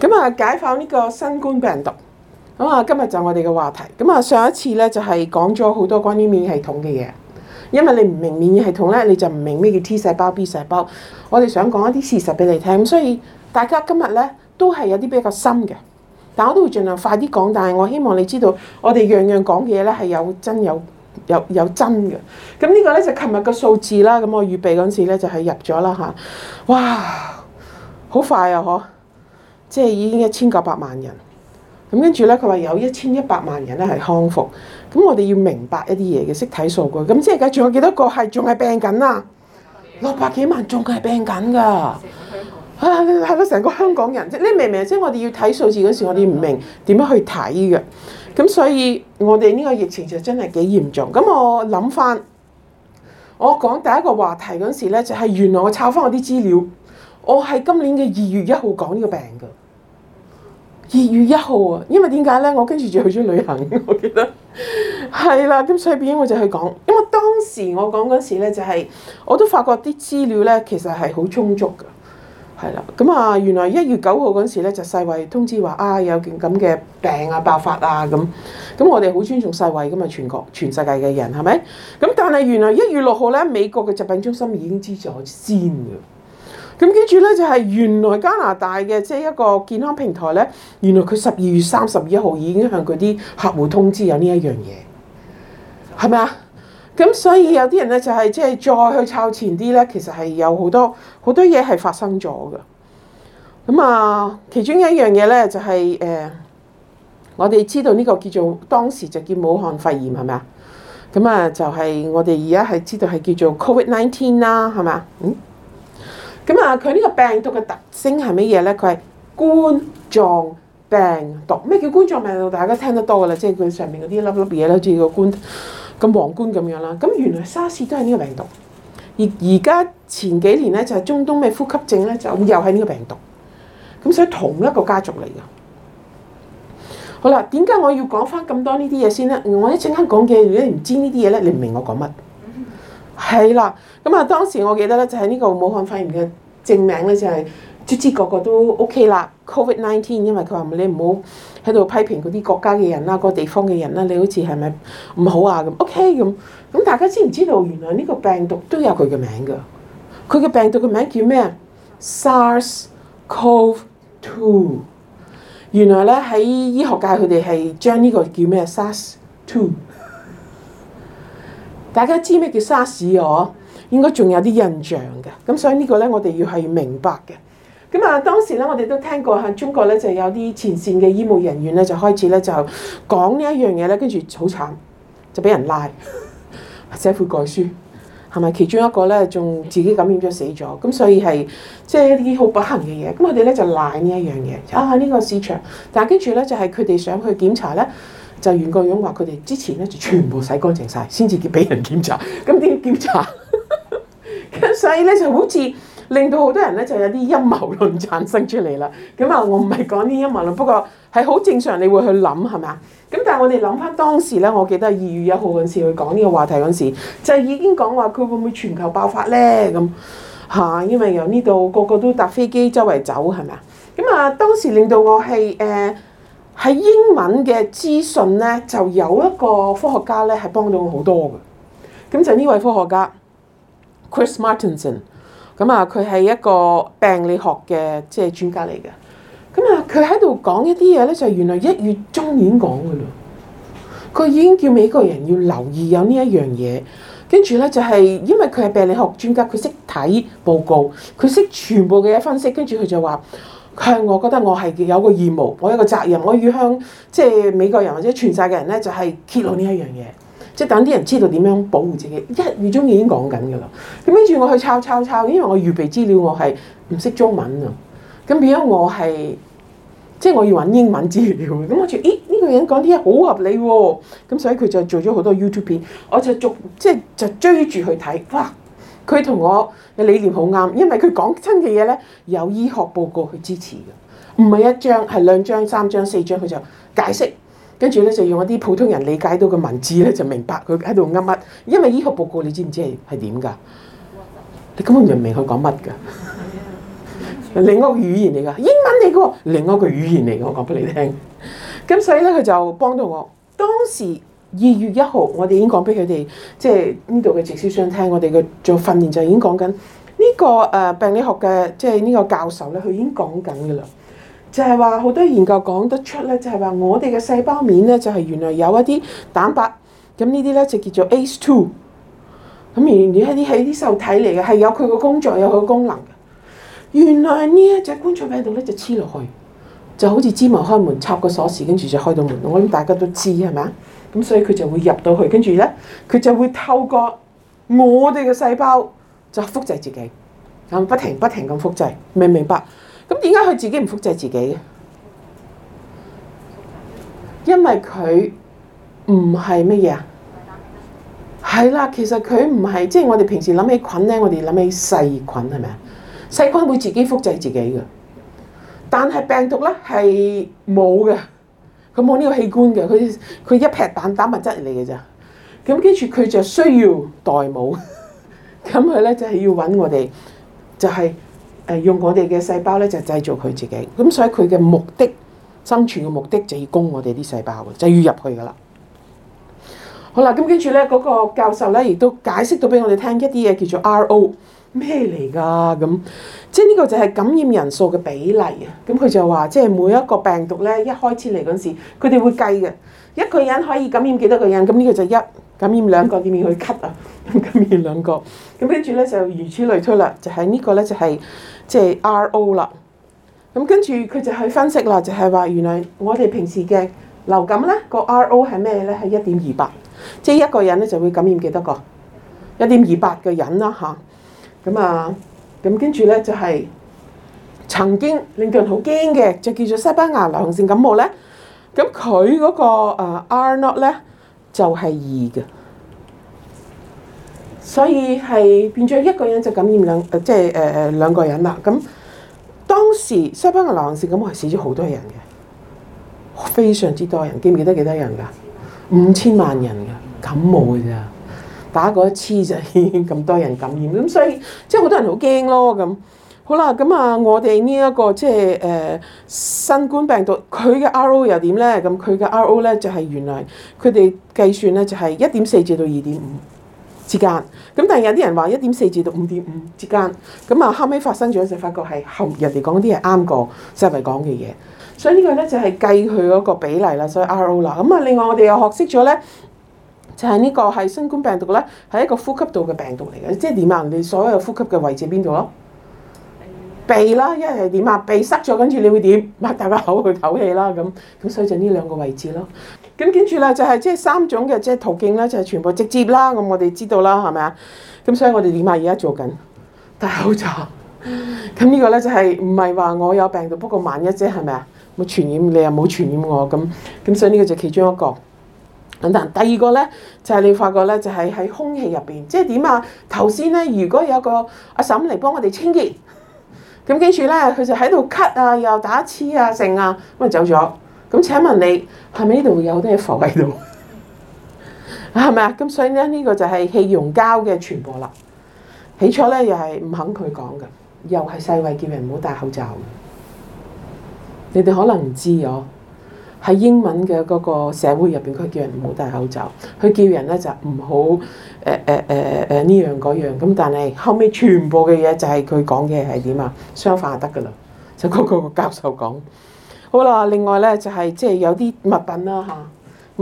咁啊，解剖呢個新冠病毒，咁啊，今日就我哋嘅話題。咁啊，上一次咧就係、是、講咗好多關於免疫系統嘅嘢，因為你唔明免疫系統咧，你就唔明咩叫 T 細胞、B 細胞。我哋想講一啲事實俾你聽，所以大家今日咧都係有啲比較深嘅，但我都會儘量快啲講。但係我希望你知道，我哋樣樣講嘅嘢咧係有真有有有真嘅。咁呢個咧就琴日個數字啦。咁我預備嗰陣時咧就係入咗啦吓，哇，好快啊，嗬！即係已經一千九百萬人，咁跟住咧，佢話有一千一百萬人咧係康復。咁我哋要明白一啲嘢嘅，識睇數嘅。咁即係而家仲有幾多個係仲係病緊啊？六百幾萬仲係病緊㗎。啊，係咪成個香港人啫！你明唔明先？即係？我哋要睇數字嗰時，我哋唔明點樣去睇嘅。咁所以我哋呢個疫情就真係幾嚴重。咁我諗翻，我講第一個話題嗰時咧，就係原來我抄翻我啲資料，我係今年嘅二月一號講呢個病㗎。二月一號啊，因為點解咧？我跟住就去咗旅行，我記得係啦。咁所以變咗我就去講，因為當時我講嗰時咧就係、是，我都發覺啲資料咧其實係好充足嘅，係啦。咁啊，原來一月九號嗰時咧就世衞通知話啊有件咁嘅病啊爆發啊咁，咁我哋好尊重世衞咁啊，全國全世界嘅人係咪？咁但係原來一月六號咧美國嘅疾病中心已經知咗先。咁跟住咧就係原來加拿大嘅即係一個健康平台咧，原來佢十二月三十一號已經向佢啲客戶通知有呢一樣嘢，係咪啊？咁所以有啲人咧就係即係再去湊前啲咧，其實係有好多好多嘢係發生咗㗎。咁啊，其中一樣嘢咧就係、是、誒、呃，我哋知道呢個叫做當時就叫武漢肺炎係咪啊？咁啊就係我哋而家係知道係叫做 COVID nineteen 啦，係咪？嗯。咁啊，佢呢個病毒嘅特徵係乜嘢咧？佢係冠狀病毒。咩叫冠狀病毒？大家聽得多噶啦，即係佢上面嗰啲粒粒嘢，好似個冠咁，王冠咁樣啦。咁原來沙士都係呢個病毒，而而家前幾年咧就係中東咩呼吸症咧，就又係呢個病毒。咁所以同一個家族嚟噶。好啦，點解我要講翻咁多呢啲嘢先咧？我一陣間講嘅，如果你唔知呢啲嘢咧，你唔明我講乜。係啦，咁啊當時我記得咧，就係呢個武漢肺炎嘅正名咧、就是，就係卒之個個都 O K 啦。Covid nineteen，因為佢話唔，你唔好喺度批評嗰啲國家嘅人啦，嗰個地方嘅人啦，你好似係咪唔好啊咁？O K 咁，咁、OK, 大家知唔知道原來呢個病毒都有佢嘅名㗎？佢嘅病毒嘅名叫咩？Sars cov two。原來咧喺醫學界佢哋係將呢個叫咩？Sars two。大家知咩叫沙士哦，s 啊？應該仲有啲印象嘅。咁所以呢個咧，我哋要係明白嘅。咁啊，當時咧，我哋都聽過喺中國咧，就有啲前線嘅醫務人員咧，就開始咧就講呢一樣嘢咧，跟住好慘，就俾人拉，或者悔改書，係咪其中一個咧？仲自己感染咗死咗。咁所以係即係啲好不幸嘅嘢。咁我哋咧就賴呢一樣嘢啊！呢、呢個市場，但係跟住咧就係佢哋想去檢查咧。就袁國勇話：佢哋之前咧就全部洗乾淨晒，先至叫俾人檢查。咁點檢查？咁 所以咧就好似令到好多人咧就有啲陰謀論產生出嚟啦。咁啊，我唔係講啲陰謀論，不過係好正常，你會去諗係咪？咁但係我哋諗翻當時咧，我記得二月一號嗰時候去講呢個話題嗰時，就是、已經講話佢會唔會全球爆發咧？咁吓、啊，因為由呢度個個都搭飛機周圍走係咪？咁啊，當時令到我係誒。呃喺英文嘅資訊咧，就有一個科學家咧，係幫到我好多嘅。咁就呢位科學家 Chris Martinson，咁啊，佢係一個病理學嘅即係專家嚟嘅。咁啊，佢喺度講一啲嘢咧，就係原來一月中已經講㗎啦。佢已經叫美國人要留意有呢一樣嘢，跟住咧就係因為佢係病理學專家，佢識睇報告，佢識全部嘅嘢分析，跟住佢就話。係我覺得我係有個義務，我有個責任，我要向即係美國人或者全世界人咧，就係、是、揭露呢一樣嘢，即係等啲人知道點樣保護自己。一月中已經講緊噶啦，跟住我去抄抄抄，因為我預備資料我係唔識中文啊，咁變咗我係即係我要揾英文資料，咁我就咦呢、這個人講啲嘢好合理喎，咁所以佢就做咗好多 YouTube 片，我就逐即係就追住去睇，哇！佢同我嘅理念好啱，因為佢講親嘅嘢咧有醫學報告去支持嘅，唔係一張，係兩張、三張、四張，佢就解釋，跟住咧就用一啲普通人理解到嘅文字咧就明白佢喺度噏乜，因為醫學報告你知唔知係係點噶？你根本就唔明佢講乜噶，嗯嗯嗯、 另外一個語言嚟噶，英文嚟噶，另外一個語言嚟噶，我講俾你聽。咁 所以咧佢就幫到我當時。二月一號，我哋已經講俾佢哋，即係呢度嘅直銷商聽，我哋嘅做訓練就已經講緊呢個誒病理學嘅，即係呢個教授咧，佢已經講緊嘅啦。就係話好多研究講得出咧，就係話我哋嘅細胞面咧，就係原來有一啲蛋白，咁呢啲咧就叫做 ACE2。咁原呢一啲係啲受體嚟嘅，係有佢個工作有佢個功能。原來呢一隻冠狀病毒咧就黐落去，就好似芝麻開門插個鎖匙，跟住就開到門。我諗大家都知係咪啊？咁所以佢就會入到去，跟住咧，佢就會透過我哋嘅細胞就複製自己，咁不停不停咁複製，明唔明白？咁點解佢自己唔複製自己？因為佢唔係乜嘢啊？係啦，其實佢唔係，即係我哋平時諗起菌咧，我哋諗起細菌係咪啊？細菌會自己複製自己嘅，但係病毒咧係冇嘅。咁冇呢個器官嘅，佢佢一劈蛋蛋白質嚟嘅咋，咁跟住佢就需要代母，咁佢咧就係要揾我哋，就係、誒、用我哋嘅細胞咧就製造佢自己，咁所以佢嘅目的，生存嘅目的就要供我哋啲細胞嘅，就要入去噶啦。好啦，咁跟住咧嗰個教授咧亦都解釋到俾我哋聽一啲嘢叫做 RO。咩嚟㗎咁？即係呢個就係感染人數嘅比例啊！咁佢就話，即係每一個病毒咧一開始嚟嗰陣時，佢哋會計嘅一個人可以感染幾多個人？咁呢個就一感染兩個點解會咳啊？感染兩個咁跟住咧就如此類推啦，就係呢個咧就係即係 R O 啦。咁跟住佢就去分析啦，就係話原來我哋平時嘅流感咧個 R O 係咩咧？係一點二八，即係一個人咧就會感染幾多個？一點二八嘅人啦嚇。咁啊，咁跟住咧就係、是、曾經令到人好驚嘅，就叫做西班牙流行性感冒咧。咁佢嗰個啊 R0 咧就係二嘅，所以係變咗一個人就感染兩，即係誒兩個人啦。咁當時西班牙流行性感冒係死咗好多人嘅，非常之多人，記唔記得幾多人噶？五千萬人噶，感冒嘅咋？打過一次就咁多人感染，咁所以即係好多人好驚咯咁。好啦，咁啊、這個，我哋呢一個即係誒、呃、新冠病毒，佢嘅 R O 又點咧？咁佢嘅 R O 咧就係、是、原來佢哋計算咧就係一點四至到二點五之間。咁但係有啲人話一點四至到五點五之間。咁啊後尾發生咗就發覺係後人哋講啲係啱過，即係咪講嘅嘢？所以個呢個咧就係、是、計佢嗰個比例啦，所以 R O 啦。咁啊，另外我哋又學識咗咧。就係、是、呢個係新冠病毒咧，係一個呼吸道嘅病毒嚟嘅。即係點啊？你所有呼吸嘅位置邊度咯？鼻啦，因為係點啊？鼻塞咗，跟住你會點？擘大個口去唞氣啦，咁咁所以就呢兩個位置咯。咁跟住啦，就係即係三種嘅即係途徑啦，就係、是就是、全部直接啦。咁我哋知道啦，係咪啊？咁所以我哋點啊？而家做緊戴口罩。咁呢個咧就係唔係話我有病毒，不過萬一啫，係咪啊？我傳染你又冇傳染我，咁咁所以呢個就其中一個。咁但第二個咧，就係你發覺咧，就係喺空氣入邊，即係點啊？頭先咧，如果有個阿嬸嚟幫我哋清潔，咁跟住咧，佢就喺度咳啊，又打齒啊，剩啊，咁啊走咗。咁請問你係咪呢度有啲嘢浮喺度？係咪啊？咁所以咧，呢個就係氣溶膠嘅傳播啦。起初咧，又係唔肯佢講嘅，又係世衞叫人唔好戴口罩。你哋可能唔知哦。喺英文嘅嗰個社會入邊，佢叫人唔好戴口罩，佢叫人咧就唔好誒誒誒誒呢樣嗰樣。咁但係後尾全部嘅嘢就係佢講嘅係點啊？相反就得噶啦，就嗰個教授講好啦。另外咧就係即係有啲物品啦嚇，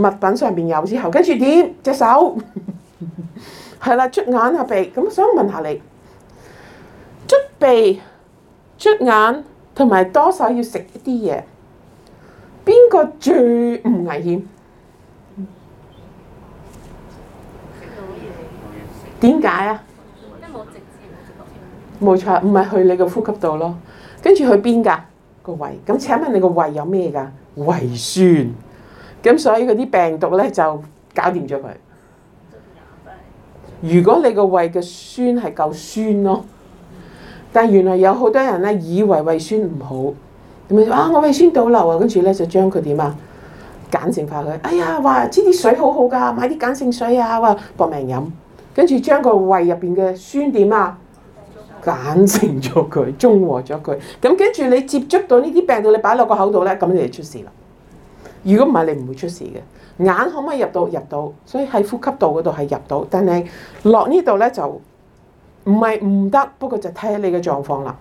物品上邊有之後，跟住點隻手係 啦，捽眼啊鼻。咁想問下你捽鼻、捽眼同埋多手要食一啲嘢，邊個最唔危險？點解啊？冇錯，唔係去你個呼吸道咯，跟住去邊㗎？個胃。咁請問你個胃有咩㗎？胃酸，咁所以嗰啲病毒咧就搞掂咗佢。如果你個胃嘅酸係夠酸咯，但原來有好多人咧以為胃酸唔好。咁啊！我胃酸倒流啊，跟住咧就將佢點啊鹼性化佢。哎呀，話知啲水好好、啊、噶，買啲鹼性水啊，話搏命飲。跟住將個胃入邊嘅酸點啊鹼性咗佢，中和咗佢。咁跟住你接觸到呢啲病毒，你擺落個口度咧，咁你就出事啦。如果唔係，你唔會出事嘅。眼可唔可以入到？入到。所以喺呼吸道嗰度係入到，但係落呢度咧就唔係唔得，不過就睇下你嘅狀況啦。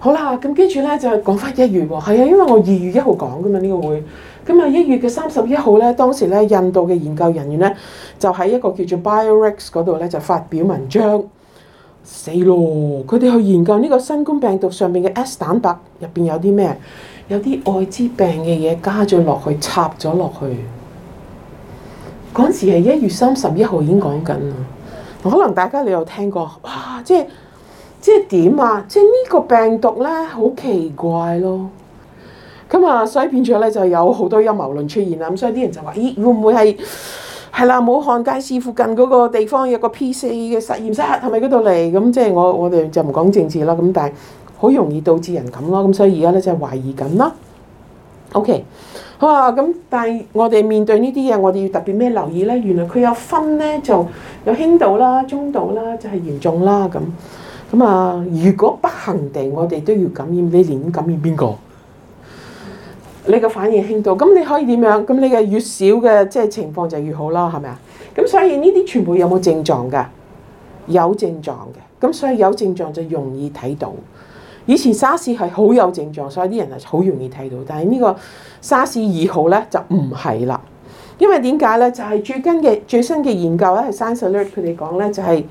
好啦，咁跟住咧就係講翻一月喎。係啊，因為我二月一號講噶嘛呢個會。咁啊一月嘅三十一號咧，當時咧印度嘅研究人員咧就喺一個叫做 BioRx 嗰度咧就發表文章。死咯！佢哋去研究呢個新冠病毒上面嘅 S 蛋白入邊有啲咩，有啲愛滋病嘅嘢加咗落去，插咗落去。嗰時係一月三十一號已經講緊啦。可能大家你有聽過，哇！即係。即係點啊？即係呢個病毒咧，好奇怪咯！咁啊，所以變咗咧，就有好多陰謀論出現啦。咁所以啲人就話：咦，會唔會係係啦？武漢街市附近嗰個地方有個 P 四嘅實驗室，係咪嗰度嚟？咁即係我我哋就唔講政治啦。咁但係好容易導致人咁咯。咁所以而家咧就係、是、懷疑緊啦。OK，好啊。咁但係我哋面對呢啲嘢，我哋要特別咩留意咧？原來佢有分咧，就有輕度啦、中度啦，就係、是、嚴重啦咁。咁啊！如果不幸地，我哋都要感染，你連感染邊個？你嘅反應輕度，咁你可以點樣？咁你嘅越少嘅即係情況就越好啦，係咪啊？咁所以呢啲全部有冇症狀噶？有症狀嘅，咁所以有症狀就容易睇到。以前沙士係好有症狀，所以啲人係好容易睇到。但係呢個沙士二號咧就唔係啦，因為點解咧？就係最新嘅最新嘅研究咧，係 Science Alert 佢哋講咧就係。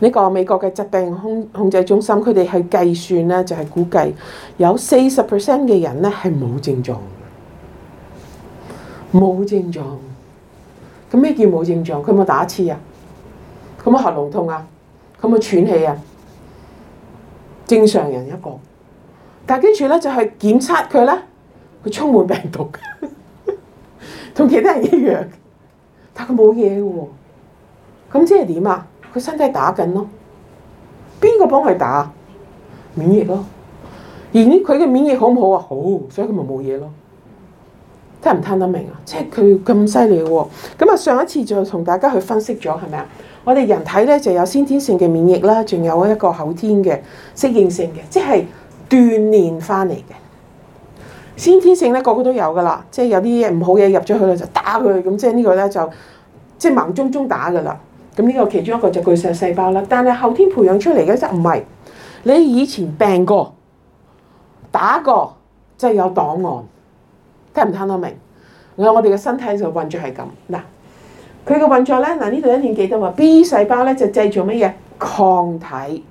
呢、這個美國嘅疾病控控制中心，佢哋係計算咧，就係、是、估計有四十 percent 嘅人咧係冇症狀嘅，冇症狀。咁咩叫冇症狀？佢冇打刺啊，佢冇喉嚨痛啊，佢冇喘氣啊。正常人一個，但跟住咧就係檢測佢咧，佢充滿病毒，同其他人一樣，但佢冇嘢嘅喎，咁即係點啊？佢身體打緊咯，邊個幫佢打？免疫咯，而呢佢嘅免疫好唔好啊？好，所以佢咪冇嘢咯。聽唔聽得明啊？即係佢咁犀利喎。咁啊，上一次就同大家去分析咗，係咪啊？我哋人體咧就有先天性嘅免疫啦，仲有一個後天嘅適應性嘅，即係鍛鍊返嚟嘅。先天性咧，個個都有㗎喇，即係有啲嘢唔好嘢入咗去就打佢，咁即係呢個咧就即係盲舂舂打㗎喇。咁、這、呢個其中一個就是巨細細胞啦，但係後天培養出嚟嘅就唔係你以前病過打過，就有檔案聽唔聽到明？我話我哋嘅身體就運作係咁嗱，佢嘅運作咧嗱呢度一定要記得喎，B 細胞咧就製造乜嘢？抗體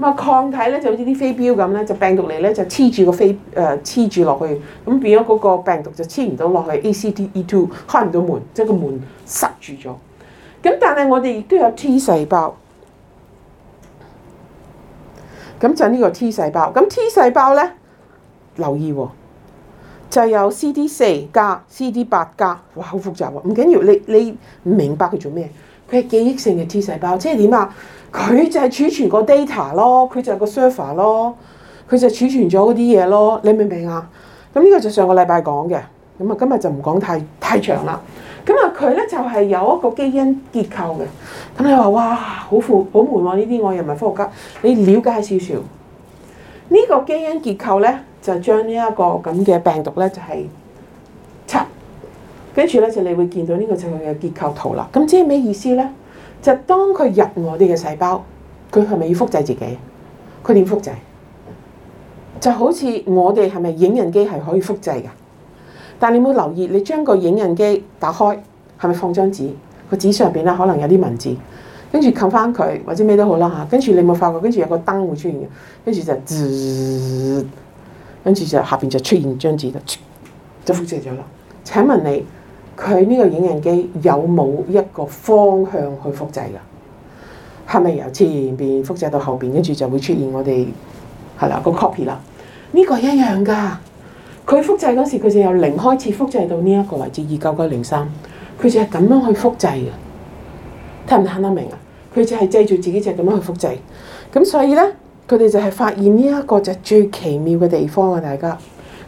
咁啊，抗體咧就好似啲飛鏢咁咧，就病毒嚟咧就黐住個飛誒黐、呃、住落去，咁變咗嗰個病毒就黐唔到落去 ACTE two 開唔到門，即係個門塞住咗。咁但係我哋亦都有 T 細胞，咁就呢個 T 細胞。咁 T 細胞咧，留意喎、哦，就有 CD 四加、CD 八加，哇好複雜喎。唔緊要，你你唔明白佢做咩？佢係記憶性嘅 T 細胞，即係點啊？佢就係儲存 data，係個 data 咯，佢就係個 server 咯，佢就儲存咗嗰啲嘢咯。你明唔明啊？咁呢個就上個禮拜講嘅，咁啊今日就唔講太太長啦。咁啊，佢咧就係有一個基因結構嘅。咁你話哇，好酷好悶喎！呢啲我又唔係科學家，你瞭解少少。呢、這個基因結構咧，就將呢一個咁嘅病毒咧、就是，就係拆。跟住咧就你會見到呢個就係佢嘅結構圖啦。咁即係咩意思咧？就當佢入我哋嘅細胞，佢係咪要複製自己？佢點複製？就好似我哋係咪影印機係可以複製嘅？但你冇留意？你將個影印機打開，係咪放張紙？個紙上邊啦，可能有啲文字，跟住冚翻佢，或者咩都好啦嚇。跟住你冇發覺？跟住有個燈會出現，跟住就滋，跟住就下邊就出現張紙就複製咗啦。請問你佢呢個影印機有冇一個方向去複製噶？係咪由前邊複製到後邊？跟住就會出現我哋係啦個 copy 啦。呢個係一樣噶。佢複製嗰時，佢就由零開始複製到呢一個位置二九九零三，佢就係咁樣去複製嘅。聽唔聽得明啊？佢就係製住自己就咁樣去複製。咁所以咧，佢哋就係發現呢一個就最奇妙嘅地方啊！大家，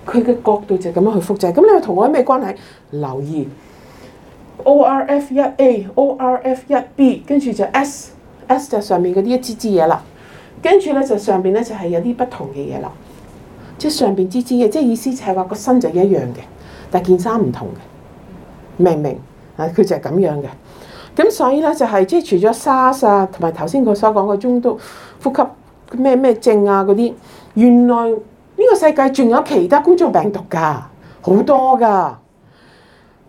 佢嘅角度就咁樣去複製。咁你同我有咩關係？留意 ORF 一 A、ORF 一 B，跟住就 S, S 就枝枝、S 就上面嗰啲一支支嘢啦。跟住咧就上面咧就係有啲不同嘅嘢啦。即係上邊支支嘅，即係意思就係話個身就一樣嘅，但件衫唔同嘅，明唔明？就是、SARS，啊，佢就係咁樣嘅。咁所以咧就係即除咗沙士同埋頭先佢所講嘅中東呼吸咩咩症啊嗰啲，原來呢個世界仲有其他冠狀病毒噶，好多噶。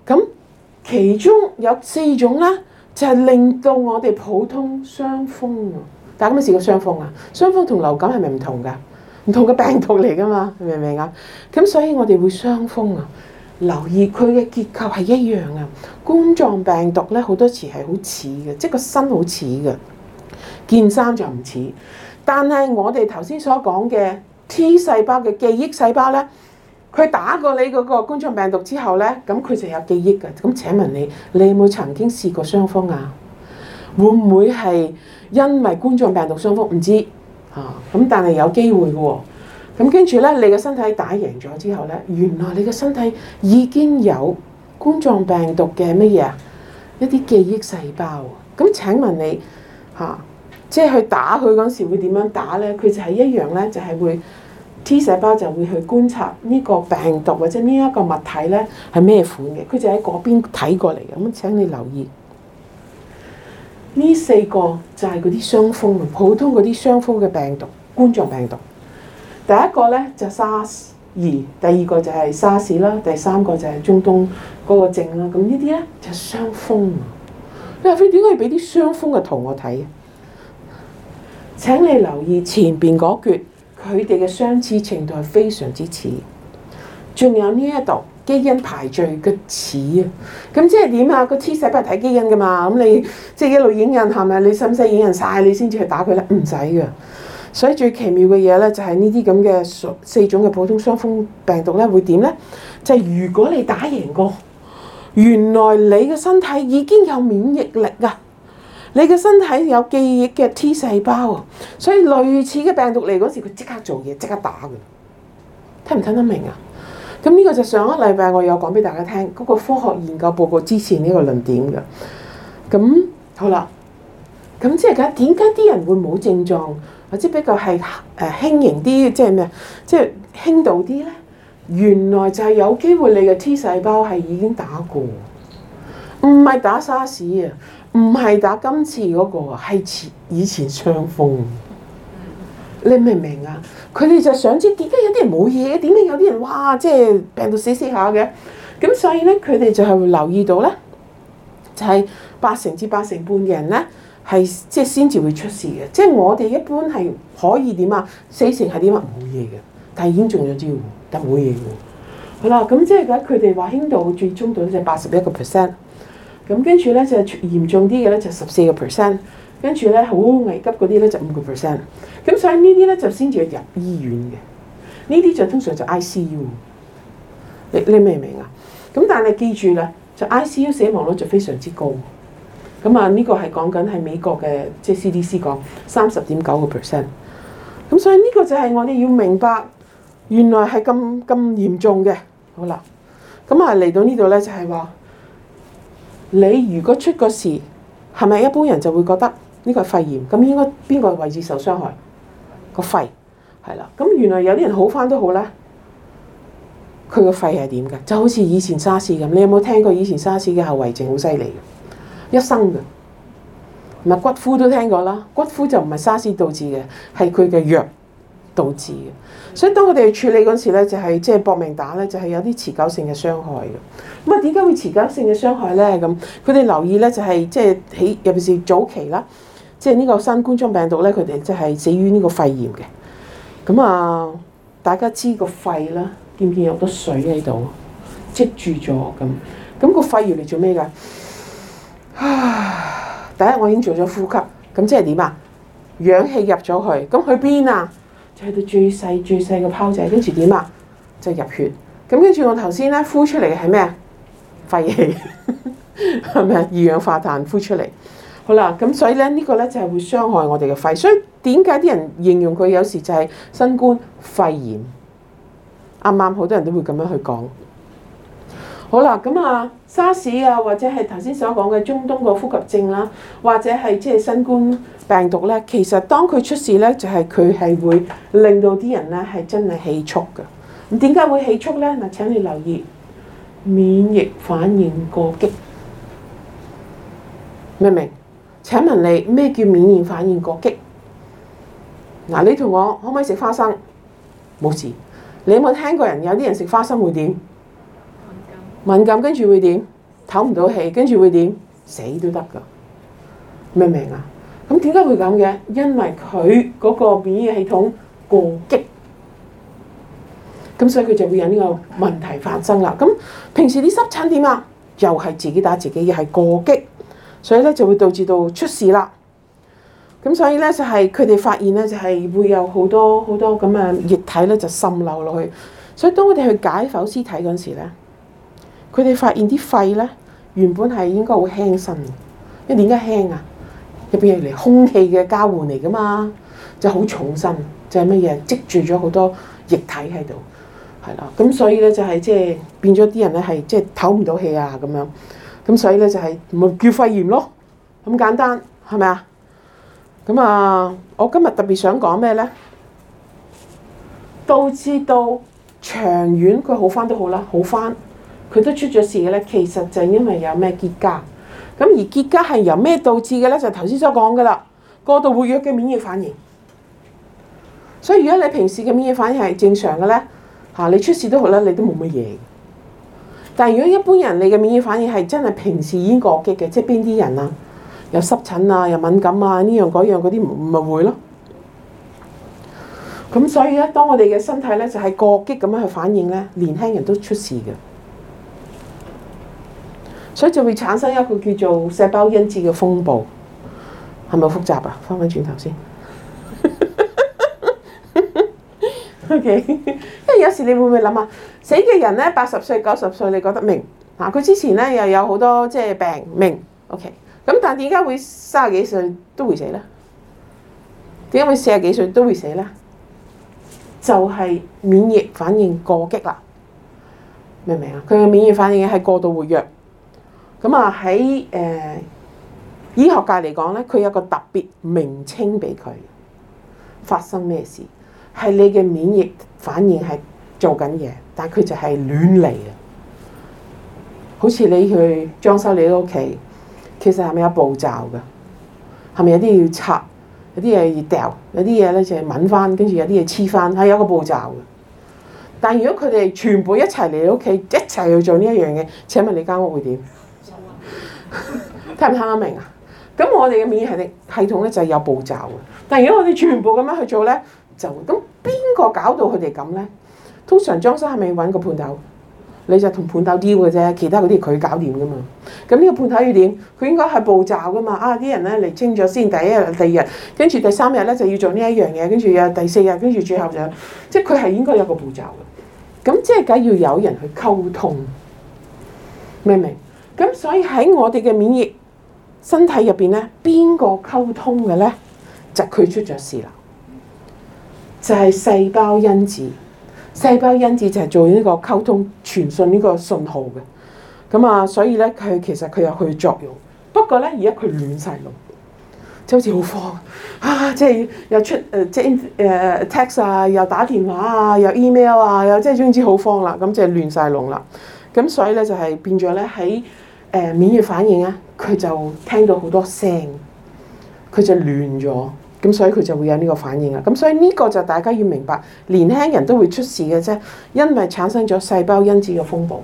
咁其中有四種咧，就係、是、令到我哋普通傷風。但係咁你試過傷風啊？傷風同流感係咪唔同噶？唔同嘅病毒嚟噶嘛，明唔明啊？咁所以我哋會傷風啊！留意佢嘅結構係一樣啊！冠狀病毒咧好多時係好似嘅，即個身好似嘅，件衫就唔似。但係我哋頭先所講嘅 T 細胞嘅記憶細胞咧，佢打過你嗰個冠狀病毒之後咧，咁佢就有記憶嘅。咁請問你，你有冇曾經試過傷風啊？會唔會係因為冠狀病毒傷風唔知？啊，咁但係有機會嘅喎，咁跟住咧，你嘅身體打贏咗之後咧，原來你嘅身體已經有冠狀病毒嘅乜嘢一啲記憶細胞。咁請問你嚇，即係，啊，去打佢嗰時會點樣打咧？佢就係一樣咧，就係會 T 細胞就會去觀察呢個病毒或者呢一個物體咧係咩款嘅，佢就喺嗰邊睇過嚟嘅。咁請你留意。呢四個就係嗰啲傷風，普通嗰啲傷風嘅病毒，冠狀病毒。第一個呢就係 SARS 二，第二個就係 SARS 啦，第三個就係中東嗰個症啦。咁呢啲呢，就傷風啊。你話飛點解要俾啲傷風嘅圖我睇？請你留意前面嗰橛，佢哋嘅相似程度係非常之似。仲有呢一度基因排序嘅似啊，咁即係點啊？個 T 細胞係睇基因噶嘛，咁你即係一路影印係咪？是是你使唔使影印晒？你先至去打佢咧？唔使噶。所以最奇妙嘅嘢咧，就係呢啲咁嘅四種嘅普通傷風病毒咧，會點咧？就係如果你打贏過，原來你嘅身體已經有免疫力啊！你嘅身體有記憶嘅 T 細胞，所以類似嘅病毒嚟嗰時，佢即刻做嘢，即刻打嘅。聽唔聽得明啊？咁呢個就上一個禮拜我有講俾大家聽，嗰個科學研究報告之前呢個論點嘅。咁好啦，咁即係而家點解啲人會冇症狀，或者比較係誒輕型啲，即係咩？即係輕度啲咧？原來就係有機會你嘅 T 細胞係已經打過，唔係打沙士，啊，唔係打今次嗰個係前以前傷風。你明唔明啊？佢哋就想知點解有啲人冇嘢嘅，點解有啲人哇，即係、就是、病到死死下嘅？咁所以咧，佢哋就係會留意到咧，就係八成至八成半嘅人咧，係即係先至會出事嘅。即、就、係、是、我哋一般係可以點啊？四成係點啊？冇嘢嘅，但係已經中咗招，但冇嘢嘅。好啦，咁即係佢哋話輕到最中等嘅八十一個 percent，咁跟住咧就嚴重啲嘅咧就十四個 percent。跟住咧，好危急嗰啲咧就五個 percent，咁所以呢啲咧就先至入醫院嘅，呢啲就通常就 ICU，你你明唔明啊？咁但係記住咧，就 ICU 死亡率就非常之高，咁啊呢個係講緊喺美國嘅，即係 CDC 講三十點九個 percent，咁所以呢個就係我哋要明白原來係咁咁嚴重嘅，好啦，咁啊嚟到呢度咧就係話你如果出個事，係咪一般人就會覺得？呢個係肺炎咁應該邊個位置受傷害？個肺係啦。咁原來有啲人好翻都好咧，佢個肺係點㗎？就好似以前沙士咁，你有冇聽過以前沙士嘅後遺症好犀利，一生嘅。唔係骨膚都聽過啦，骨膚就唔係沙士導致嘅，係佢嘅藥導致嘅。所以當佢哋處理嗰時咧，就係即係搏命打咧，就係、是、有啲持久性嘅傷害嘅。咁啊，點解會持久性嘅傷害咧？咁佢哋留意咧、就是，就係即係起，尤其是早期啦。即係呢個新冠狀病毒咧，佢哋即係死於呢個肺炎嘅。咁啊，大家知個肺啦，見唔見有多水喺度積住咗？咁、那、咁個肺炎嚟做咩噶？第一我已經做咗呼吸，咁即係點啊？氧氣入咗去了，咁去邊啊？就去、是、到最細最細個泡仔，跟住點啊？就入血。咁跟住我頭先咧呼出嚟嘅係咩啊？廢氣係咪啊？二氧化碳呼出嚟。好啦，咁所以咧，呢個咧就係會傷害我哋嘅肺，所以點解啲人形容佢有時就係新冠肺炎，啱啱好多人都會咁樣去講。好啦，咁啊，沙士啊，或者係頭先所講嘅中東個呼吸症啦，或者係即係新冠病毒咧，其實當佢出事咧，就係佢係會令到啲人咧係真係氣促嘅。咁點解會氣促咧？嗱，請你留意免疫反應過激，明唔明？請問你咩叫免疫反應過激？嗱，你同我可唔可以食花生？冇事。你有冇聽過人有啲人食花生會點？敏感。敏感跟住會點？唞唔到氣，跟住會點？死都得㗎。明唔明啊？咁點解會咁嘅？因為佢嗰個免疫系統過激。咁所以佢就會有呢個問題發生啦。咁平時啲濕疹點啊？又係自己打自己，又係過激。所以咧就會導致到出事啦。咁所以咧就係佢哋發現咧就係會有好多好多咁嘅液體咧就滲漏落去。所以當我哋去解剖屍體嗰時咧，佢哋發現啲肺咧原本係應該好輕身，因為點解輕啊？入邊係嚟空氣嘅交換嚟噶嘛，就好重身，就係乜嘢積住咗好多液體喺度，係啦。咁所以咧就係即係變咗啲人咧係即係唞唔到氣啊咁樣。咁所以咧就係咪叫肺炎咯？咁簡單，係咪啊？咁啊，我今日特別想講咩咧？導致到長遠佢好翻都好啦，好翻佢都出咗事嘅咧，其實就係因為有咩結痂。咁而結痂係由咩導致嘅咧？就頭先所講嘅啦，過度活躍嘅免疫反應。所以如果你平時嘅免疫反應係正常嘅咧，嚇你出事都好啦，你都冇乜嘢。但係如果一般人你嘅免疫反應係真係平時已經過激嘅，即係邊啲人啊？有濕疹啊，有敏感啊，呢樣嗰樣嗰啲咪會咯。咁所以咧，當我哋嘅身體咧就係過激咁樣去反應咧，年輕人都出事嘅。所以就會產生一個叫做細胞因子嘅風暴，係咪複雜啊？返返轉頭先。O.K.，因為有時你會唔會諗啊？死嘅人咧，八十歲、九十歲，你覺得明？嗱，佢之前咧又有好多即係病，明？O.K.，咁但係點解會三十幾歲都會死咧？點解會四十幾歲都會死咧？就係免疫反應過激啦，明唔明啊？佢嘅免疫反應係過度活躍。咁啊喺誒醫學界嚟講咧，佢有個特別名稱俾佢，發生咩事？係你嘅免疫反應係做緊嘢，但係佢就係亂嚟嘅。好似你去裝修你屋企，其實係咪有步驟㗎？係咪有啲要拆，有啲嘢要掉，有啲嘢咧就係揾翻，跟住有啲嘢黐翻，係有個步驟嘅。但如果佢哋全部一齊嚟你屋企，一齊去做呢一樣嘢，請問你間屋會點？聽唔聽得明啊？咁我哋嘅免疫系統咧就係有步驟嘅。但係如果我哋全部咁樣去做咧？就咁邊個搞到佢哋咁咧？通常裝修係咪揾個判頭？你就同判頭嬌嘅啫，其他嗰啲佢搞掂㗎嘛。咁呢個判頭要點？佢應該係步驟㗎嘛。啊，啲人咧嚟清咗先，第一日、第二日，跟住第三日咧就要做呢一樣嘢，跟住又第四日，跟住最後就係，即係佢係應該有個步驟嘅。咁即係梗要有人去溝通，明唔明？咁所以喺我哋嘅免疫身體入邊咧，邊個溝通嘅咧，就佢出咗事啦。就係、是、細胞因子，細胞因子就係做呢個溝通傳訊呢個信號嘅。咁啊，所以咧佢其實佢有佢作用。不過咧，而家佢亂晒龍，即好似好慌啊！即係又出誒、啊、即係、啊、text 啊，又打電話啊，又 email 啊，又即係總之好慌啦。咁就亂晒龍啦。咁所以咧就係變咗咧喺誒免疫反應啊，佢就聽到好多聲，佢就亂咗。咁所以佢就會有呢個反應啦。咁所以呢個就大家要明白，年輕人都會出事嘅啫，因為產生咗細胞因子嘅風暴。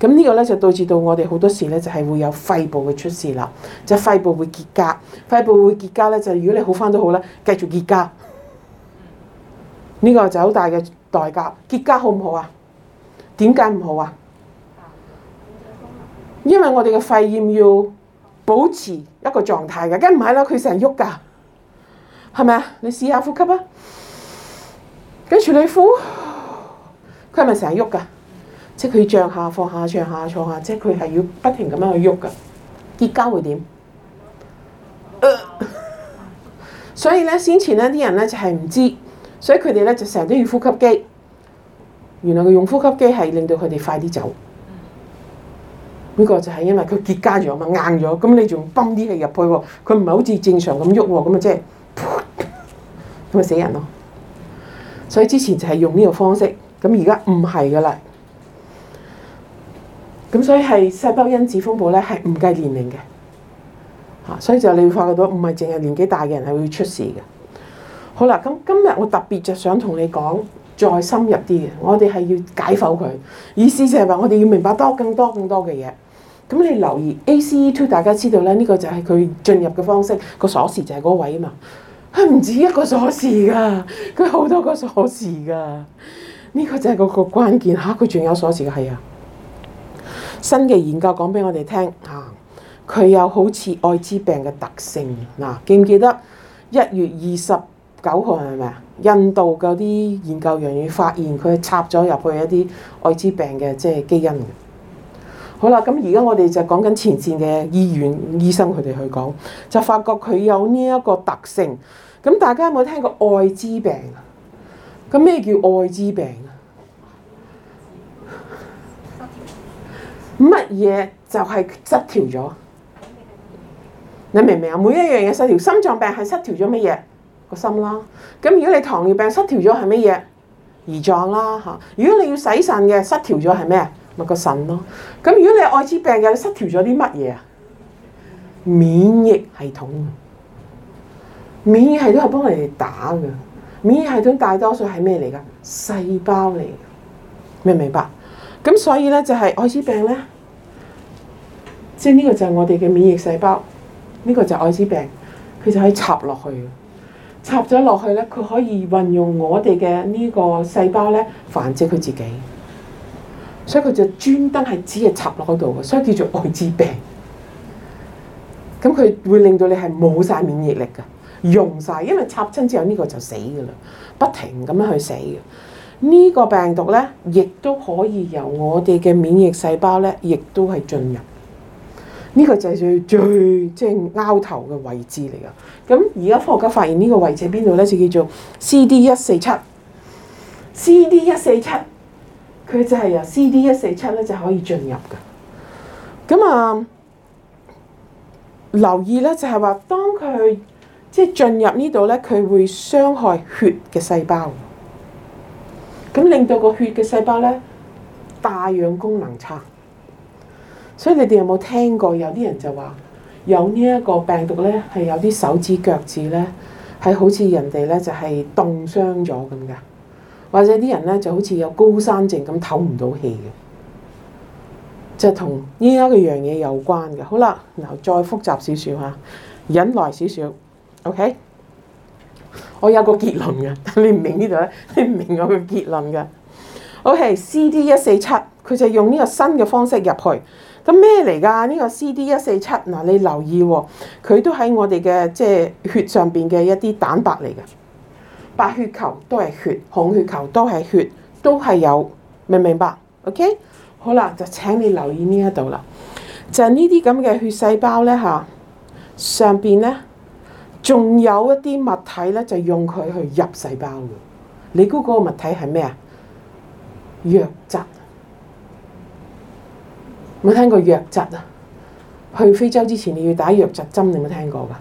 咁呢個咧就導致到我哋好多時咧就係會有肺部嘅出事啦，就肺部會結痂，肺部會結痂咧就如果你好返都好啦，繼續結痂，呢個就好大嘅代價。結痂好唔好啊？點解唔好啊？因為我哋嘅肺炎要保持一個狀態嘅，梗唔係啦，佢成日喐噶。係咪啊？你試下呼吸啊！跟住你呼，佢係咪成日喐噶？即係佢上下、放下上下、坐下，即係佢係要不停咁樣去喐噶。結交會點、呃？所以咧，先前咧啲人咧就係、是、唔知，所以佢哋咧就成日都要呼吸機。原來佢用呼吸機係令到佢哋快啲走。呢、那、果、個、就係因為佢結膠咗嘛，硬咗，咁你仲泵啲氣入去喎？佢唔係好似正常咁喐喎，咁啊即係。咁咪死人咯！所以之前就係用呢個方式，咁而家唔係噶啦。咁所以係細胞因子風暴咧，係唔計年齡嘅。吓，所以就你會發覺到，唔係淨係年紀大嘅人係會出事嘅。好啦，咁今日我特別就想同你講再深入啲嘅，我哋係要解剖佢，意思就係話我哋要明白多更多更多嘅嘢。咁你留意 ACE two，大家知道咧，呢個就係佢進入嘅方式，個鎖匙就係嗰位啊嘛。佢唔止一個鎖匙㗎，佢好多個鎖匙㗎。呢、這個就係嗰個，個關鍵嚇，佢、啊、仲有鎖匙㗎，係啊。新嘅研究講畀我哋聽嚇，佢有好似愛滋病嘅特性嗱、啊，記唔記得一月二十九號係咪啊？印度嗰啲研究人員發現佢插咗入去一啲愛滋病嘅即係基因。好啦，咁而家我哋就講緊前線嘅醫院醫生佢哋去講，就發覺佢有呢一個特性。咁大家有冇聽過愛滋病啊？咁咩叫愛滋病啊？乜嘢就係失調咗？你明唔明啊？每一樣嘢失調，心臟病係失調咗乜嘢？個心啦。咁如果你糖尿病失調咗係乜嘢？胰臟啦嚇。如果你要洗腎嘅，失調咗係咩？個腎咯，咁如果你係艾滋病又失調咗啲乜嘢啊？免疫系統，免疫系統係幫人哋打嘅，免疫系統大多數係咩嚟噶？細胞嚟，明唔明白？咁所以咧就係艾滋病咧，即係呢個就係我哋嘅免疫細胞，呢個就係艾滋病，佢就可以插落去，插咗落去咧，佢可以運用我哋嘅呢個細胞咧繁殖佢自己。所以佢就專登係隻嘢插落嗰度嘅，所以叫做艾滋病。咁佢會令到你係冇晒免疫力嘅，溶晒，因為插親之後呢個就死噶啦，不停咁樣去死嘅。呢個病毒咧，亦都可以由我哋嘅免疫細胞咧，亦都係進入。呢個就係最最即係拗頭嘅位置嚟噶。咁而家科學家發現呢個位置喺邊度咧，就叫做 C D 一四七 C D 一四七。佢就係由 C D 一四七咧就可以進入嘅，咁啊留意咧就係話，當佢即係進入呢度咧，佢會傷害血嘅細胞，咁令到個血嘅細胞咧帶氧功能差，所以你哋有冇聽過有啲人就話有呢一個病毒咧係有啲手指腳趾咧係好似人哋咧就係凍傷咗咁噶？或者啲人咧就好似有高山症咁唞唔到氣嘅，即係同依家嘅樣嘢有關嘅。好啦，嗱再複雜少少嚇，忍耐少少，OK。我有個結論嘅，但你唔明呢度咧，你唔明我嘅結論嘅。OK，CD 一四七佢就用呢個新嘅方式入去，咁咩嚟㗎？呢個 CD 一四七嗱，你留意喎，佢都喺我哋嘅即係血上邊嘅一啲蛋白嚟嘅。白血球都係血，紅血球都係血，都係有，明唔明白？OK，好啦，就請你留意呢一度啦。就呢啲咁嘅血細胞咧，吓上邊咧，仲有一啲物體咧，就用佢去入細胞嘅。你估嗰個物體係咩啊？藥劑，有冇聽過藥劑啊？去非洲之前你要打藥劑針，你有冇聽過噶？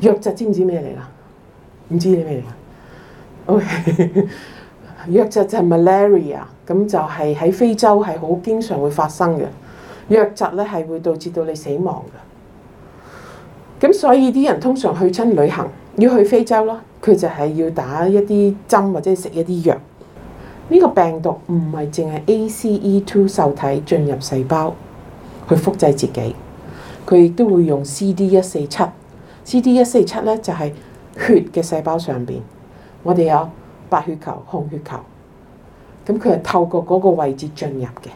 藥劑知唔知咩嚟噶？唔知係咩嚟噶？瘧、okay，疾就係 malaria，咁就係喺非洲係好經常會發生嘅。瘧疾咧係會導致到你死亡嘅。咁所以啲人通常去親旅行要去非洲咯，佢就係要打一啲針或者食一啲藥。呢、呢個病毒唔係淨係 ACE2 受體進入細胞去複製自己，佢亦都會用 CD 一四七、CD 一四七咧就係血嘅細胞上邊。我哋有白血球、紅血球，咁佢係透過嗰個位置進入嘅。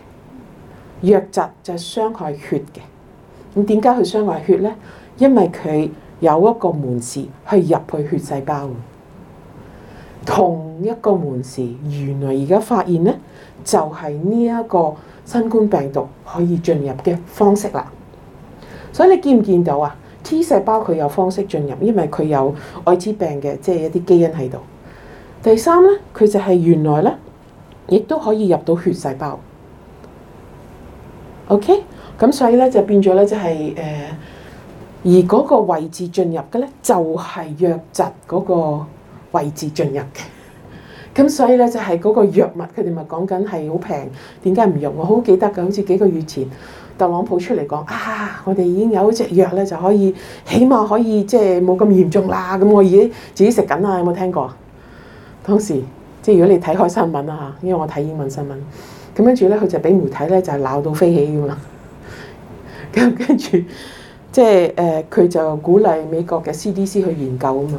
瘧疾就係傷害血嘅，咁點解佢傷害血咧？因為佢有一個門匙去入去血細胞嘅。同一個門匙，原來而家發現咧，就係呢一個新冠病毒可以進入嘅方式啦。所以你見唔見到啊？T 細胞佢有方式進入，因為佢有愛滋病嘅即係一啲基因喺度。第三咧，佢就係原來咧，亦都可以入到血細胞。OK，咁所以咧就變咗咧就係、是、誒、呃，而嗰個位置進入嘅咧就係藥質嗰個位置進入嘅。咁 所以咧就係、是、嗰個藥物，佢哋咪講緊係好平。點解唔用？我好記得嘅，好似幾個月前特朗普出嚟講啊，我哋已經有一隻藥咧就可以，起碼可以即係冇咁嚴重啦。咁我已經自己食緊啦。有冇聽過？當時即係如果你睇開新聞啦嚇，因為我睇英文新聞，咁跟住咧佢就俾媒體咧就鬧到飛起噶嘛。咁跟住即係誒，佢就鼓勵美國嘅 CDC 去研究啊嘛。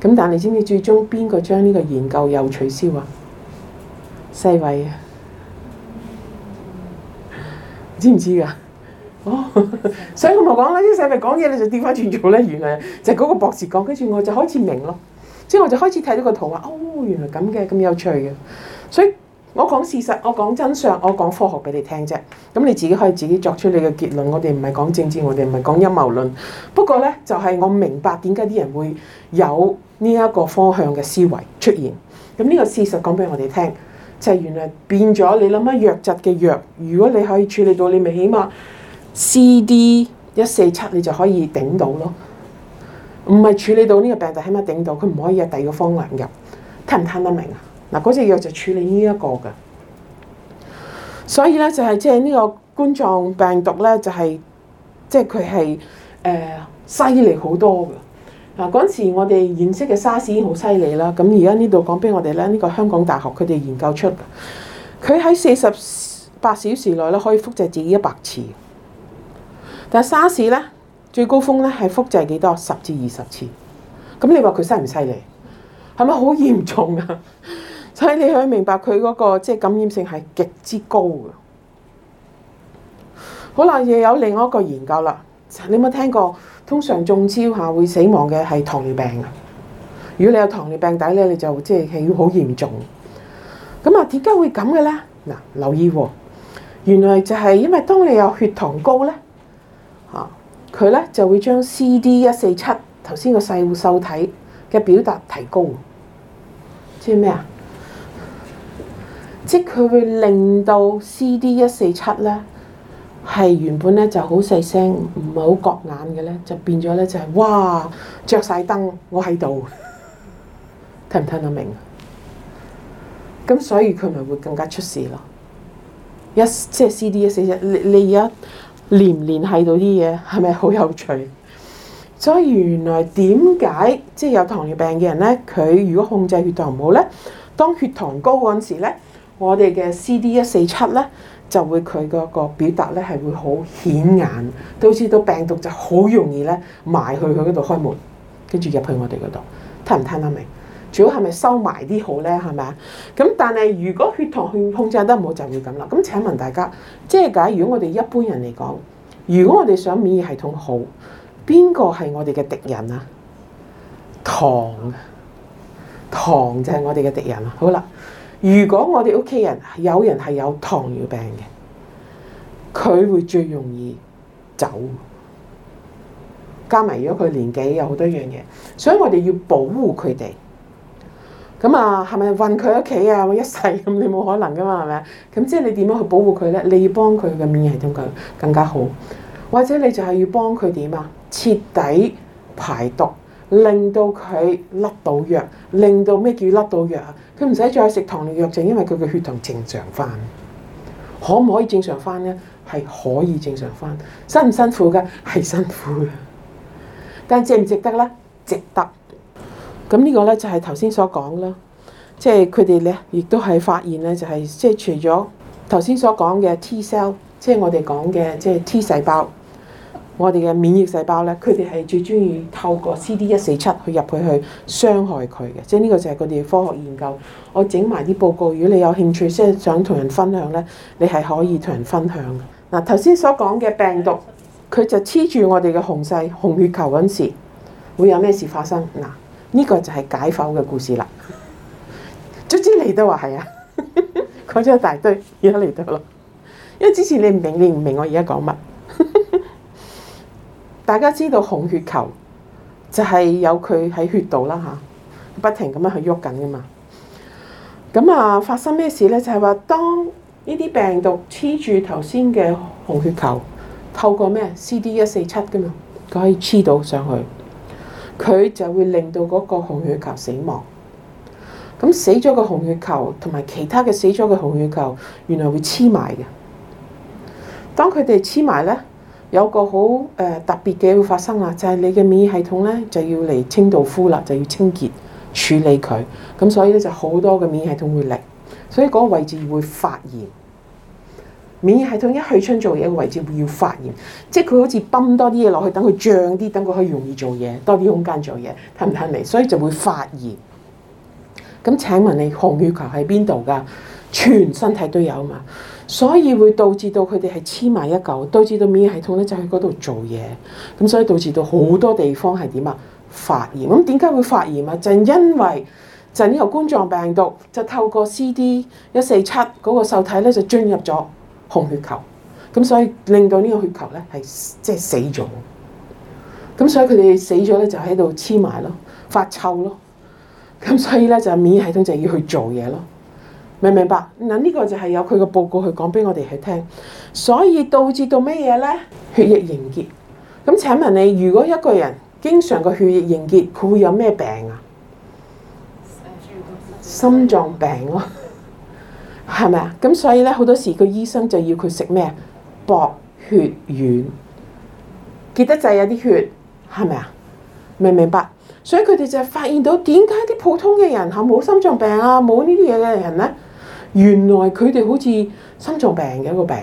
咁但係你知唔知最終邊個將呢個研究又取消啊？世衛啊，知唔知噶？哦，所以我咪講啦，啲世咪講嘢你就調翻轉做咧，原來就係嗰個博士講，跟住我就開始明咯。即係我就開始睇到個圖話，哦，原來咁嘅，咁有趣嘅。所以我講事實，我講真相，我講科學俾你聽啫。咁你自己可以自己作出你嘅結論。我哋唔係講政治，我哋唔係講陰謀論。不過咧，就係我明白點解啲人會有呢一個方向嘅思維出現。咁呢個事實講俾我哋聽，就係原來變咗。你諗下瘧疾嘅藥，如果你可以處理到，你咪起碼 CD147，你就可以頂到咯。唔係處理到呢個病就起碼頂到，佢唔可以有第二個方案入，聽唔聽得明啊？嗱，嗰隻藥就處理呢一個嘅。所以咧就係即係呢個冠狀病毒咧就係即係佢係誒犀利好多嘅。嗱，嗰陣時我哋認識嘅沙士已經好犀利啦，咁而家呢度講俾我哋咧呢個香港大學佢哋研究出，佢喺四十八小時內咧可以複製自己一百次。但係沙士咧？最高峰咧係複製幾多十至二十次，咁你話佢犀唔犀利？係咪好嚴重啊？ 所以你可以明白佢嗰個即係感染性係極之高嘅。好啦，又有另外一個研究啦，你有冇聽過？通常中招下會死亡嘅係糖尿病啊！如果你有糖尿病底咧，你就即係係要好嚴重。咁啊，點解會咁嘅咧？嗱，留意喎、哦，原來就係因為當你有血糖高咧。佢咧就會將 CD 一四七頭先個細互受體嘅表達提高，即係咩啊？即係佢會令到 CD 一四七咧係原本咧就好細聲，唔係好覺眼嘅咧，就變咗咧就係、是、哇着晒燈，我喺度，聽唔聽得明？咁所以佢咪會更加出事咯。一即係、就是、CD 一四七，你你而家？連唔連繫到啲嘢係咪好有趣？所以原來點解即係有糖尿病嘅人咧，佢如果控制血糖唔好咧，當血糖高嗰陣時咧，我哋嘅 CD 一四七咧就會佢嗰個表達咧係會好顯眼，導致到病毒就好容易咧埋去佢嗰度開門，跟住入去我哋嗰度，聽唔聽得明？主要係咪收埋啲好咧？係咪啊？咁但係如果血糖去控制得唔好就會咁啦。咁請問大家，即係假如果我哋一般人嚟講，如果我哋想免疫系統好，邊個係我哋嘅敵人啊？糖，糖就係我哋嘅敵人啦。好啦，如果我哋屋企人有人係有糖尿病嘅，佢會最容易走，加埋如果佢年紀有好多樣嘢，所以我哋要保護佢哋。咁啊，係咪混佢屋企啊？一世咁，你冇可能噶嘛，係咪啊？咁即係你點樣去保護佢咧？你要幫佢嘅免疫力點解更加好？或者你就係要幫佢點啊？徹底排毒，令到佢甩到藥，令到咩叫甩到藥啊？佢唔使再食糖尿藥就因為佢嘅血糖正常翻，可唔可以正常翻咧？係可以正常翻，辛唔辛苦噶？係辛苦啊，但值唔值得咧？值得。咁、這、呢個咧就係頭先所講啦，即係佢哋咧亦都係發現咧，就係即係除咗頭先所講嘅 T cell，即係我哋講嘅即係 T 細胞，我哋嘅免疫細胞咧，佢哋係最中意透過 CD147 去入去去傷害佢嘅。即係呢個就係佢哋嘅科學研究。我整埋啲報告，如果你有興趣，即係想同人分享咧，你係可以同人分享嘅嗱。頭先所講嘅病毒，佢就黐住我哋嘅紅細紅血球嗰時會有咩事發生嗱？呢、這個就係解剖嘅故事啦，卒之嚟到話係啊，講咗一大堆而家嚟到咯，因為之前你唔明，你唔明我而家講乜。大家知道紅血球就係有佢喺血度啦吓，不停咁樣去喐緊噶嘛。咁啊，發生咩事咧？就係、是、話當呢啲病毒黐住頭先嘅紅血球，透過咩 CD 一四七噶嘛，佢可以黐到上去。佢就會令到嗰個紅血球死亡，咁死咗個紅血球同埋其他嘅死咗嘅紅血球，原來會黐埋嘅。當佢哋黐埋咧，有個好誒、呃、特別嘅會發生啦，就係、是、你嘅免疫系統咧就要嚟清道夫啦，就要清潔處理佢，咁所以咧就好多嘅免疫系統會嚟，所以嗰個位置會發炎。免疫系統一去春做嘢嘅位置會要發炎，即係佢好似泵多啲嘢落去，等佢脹啲，等佢可以容易做嘢，多啲空間做嘢，睇唔睇嚟？所以就會發炎。咁請問你紅血球喺邊度㗎？全身體都有啊嘛，所以會導致到佢哋係黐埋一嚿，導致到免疫系統咧就喺嗰度做嘢，咁所以導致到好多地方係點啊？發炎。咁點解會發炎啊？就係、因為就呢個冠狀病毒就透過 CD147 嗰個受體咧就進入咗。紅血球，咁所以令到呢個血球咧係即係死咗，咁、就是、所以佢哋死咗咧就喺度黐埋咯，發臭咯，咁所以咧就免疫系統就要去做嘢咯，明唔明白？嗱呢個就係有佢個報告去講俾我哋去聽，所以導致到咩嘢咧？血液凝結，咁請問你，如果一個人經常個血液凝結，佢會有咩病啊？心臟病咯。係咪啊？咁所以咧，好多時個醫生就要佢食咩啊？薄血丸結得滯有啲血，係咪啊？明唔明白？所以佢哋就發現到點解啲普通嘅人嚇冇心臟病啊，冇呢啲嘢嘅人咧，原來佢哋好似心臟病嘅一個病，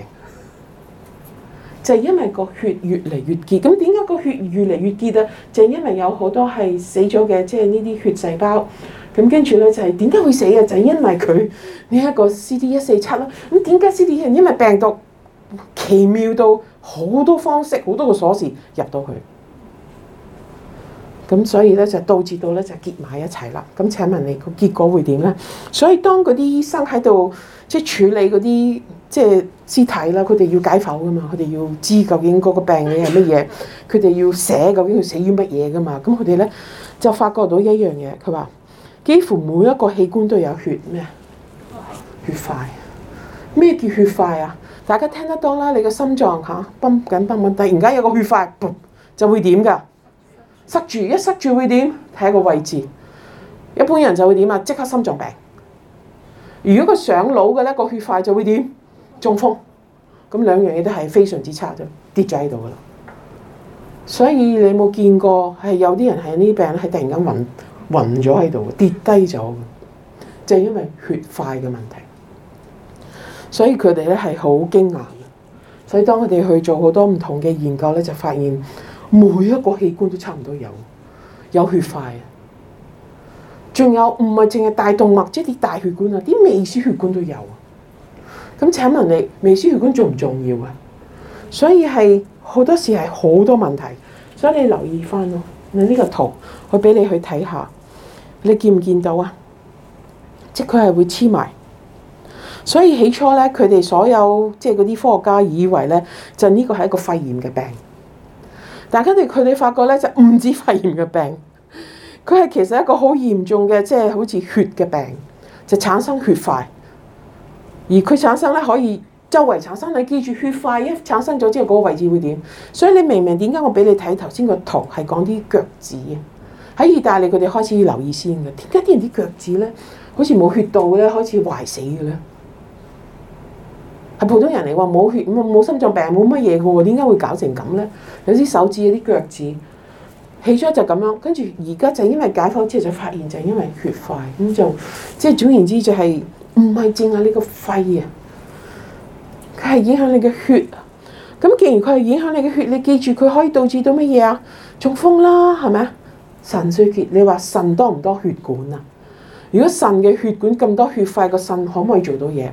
就係因為個血越嚟越結。咁點解個血越嚟越結啊？就係因為有好多係死咗嘅，即係呢啲血細胞。咁跟住咧就係點解會死呀，就係因為佢呢一個 C D 一四七啦。咁點解 C D 一？因為病毒奇妙到好多方式、好多個鎖匙入到去。咁所以咧就導致到咧就結埋一齊啦。咁請問你個結果會點咧？所以當嗰啲醫生喺度即係處理嗰啲即係屍體啦，佢哋要解剖噶嘛，佢哋要知究竟嗰個病理係乜嘢，佢哋要寫究竟佢死於乜嘢噶嘛。咁佢哋咧就發覺到一樣嘢，佢話。幾乎每一個器官都有血咩？血塊。咩叫血塊啊？大家聽得多啦，你個心臟嚇，泵緊泵緊，突然間有個血塊，就會點噶？塞住，一塞住會點？睇下個位置。一般人就會點啊？即刻心臟病。如果佢上腦嘅咧，個血塊就會點？中風。咁兩樣嘢都係非常之差，就跌咗喺度噶啦。所以你冇見過係有啲人係呢啲病係突然間暈。暈咗喺度，跌低咗，就係因為血塊嘅問題，所以佢哋咧係好驚訝嘅。所以當我哋去做好多唔同嘅研究咧，就發現每一個器官都差唔多有有血塊啊。仲有唔係淨係大動脈，即係啲大血管啊，啲微絲血管都有啊。咁請問你微絲血管重唔重要啊？所以係好多事係好多問題，所以你留意翻咯。你、這、呢個圖，我俾你去睇下。你見唔見到啊？即佢係會黐埋，所以起初咧，佢哋所有即係嗰啲科學家以為咧，就呢個係一個肺炎嘅病。但係跟住佢哋發覺咧，就唔止肺炎嘅病，佢係其實一個好嚴重嘅，即係好似血嘅病，就產生血塊。而佢產生咧，可以周圍產生，你記住血塊，一產生咗之後，嗰個位置會點？所以你明明點解我俾你睇頭先個圖，係講啲腳趾啊？喺意大利，佢哋開始要留意先嘅。點解啲人啲腳趾咧，好似冇血到咧，開始壞死嘅咧？係普通人嚟話冇血冇冇心臟病冇乜嘢嘅喎，點解會搞成咁咧？有啲手指有啲腳趾起咗就咁樣，跟住而家就因為解剖之後就是、發現就因為血塊咁就即係、就是、總言之就係唔係淨係呢個肺啊？佢係影響你嘅血。咁既然佢係影響你嘅血，你記住佢可以導致到乜嘢啊？中風啦，係咪啊？腎衰竭，你話腎多唔多血管啊？如果腎嘅血管咁多血塊，個腎可唔可以做到嘢？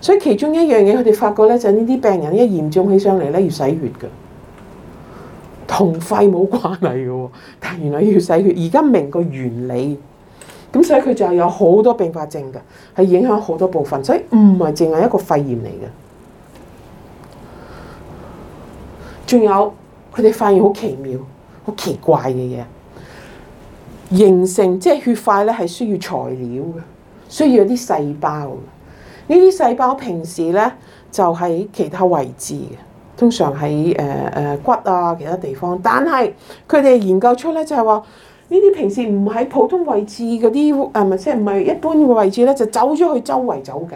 所以其中一樣嘢，佢哋發覺咧，就係呢啲病人一嚴重起上嚟咧，要洗血嘅，同肺冇關係嘅，但原來要洗血。而家明個原理，咁所以佢就係有好多併發症嘅，係影響好多部分，所以唔係淨係一個肺炎嚟嘅。仲有佢哋發現好奇妙、好奇怪嘅嘢。形成即係血塊咧，係需要材料嘅，需要啲細胞。呢啲細胞平時咧就喺其他位置嘅，通常喺誒誒骨啊其他地方。但係佢哋研究出咧就係話，呢啲平時唔喺普通位置嗰啲誒，咪即係唔係一般嘅位置咧，就走咗去周圍走緊，